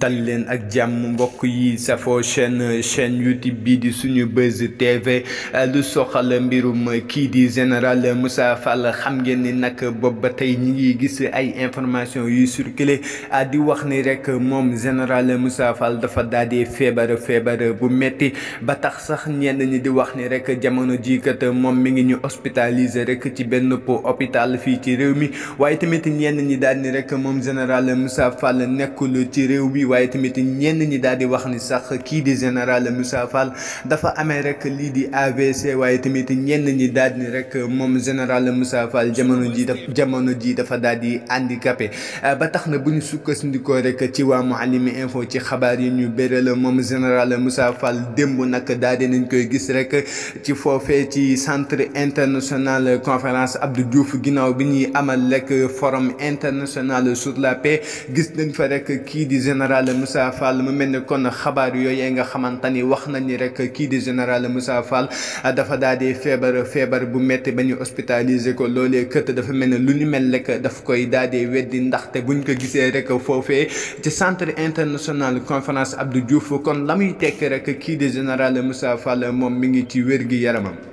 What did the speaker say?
dal leen ak jàmm mbokk yi safoo chaîne chaîne youtube bi di suñu buzz tv lu soxal mbirum kii di général Moussa Fall xam ngeen ni nag boobu ba tey ñi ngi gis ay information yuy circulé di wax ni rek moom général Moussa Fall dafa daal di feebar feebar bu metti ba tax sax ñenn ñi di wax ni rek jamono jii kat moom mu ngi ñu hospitalisé rek ci benn po hopital fii ci réew mi waaye tamit ñenn ñi daal ni moom général Moussa nekkul ci ci réew bi waaye tamit ñenn ñi daal di wax ni sax kii di général Moussa Fall dafa amee rek lii di AVC waaye tamit ñenn ñi daal di rek moom général Moussa Fall jamono ji daf jamono ji dafa daal di handicapé ba tax na bu ñu sukkandikoo rek ci waa Mouhallim info ci xabaar yi ñu bëre la moom général Moussa Fall démb nag daal di nañ koy gis rek ci foofe ci centre international conférence Abdou Diouf ginnaaw bi ñuy amal rek forum international sur la paix gis nañ fa rek kii di général Moussa Fall mu mel ni kon xabaar yooyu nga xamante ni wax nañ ni rek kii di général Moussa Fall dafa daal feebar feebar bu métti ba ñu hospitalisé ko loolee kët dafa mel ne lu ñu mel rek dafa koy daal di weddi ndaxte buñ ko gisee rek foofee ci centre international conférence Abdou Diouf kon la muy tekk rek kii di général Moussa Fall moom mi ngi ci wér gi yaramam.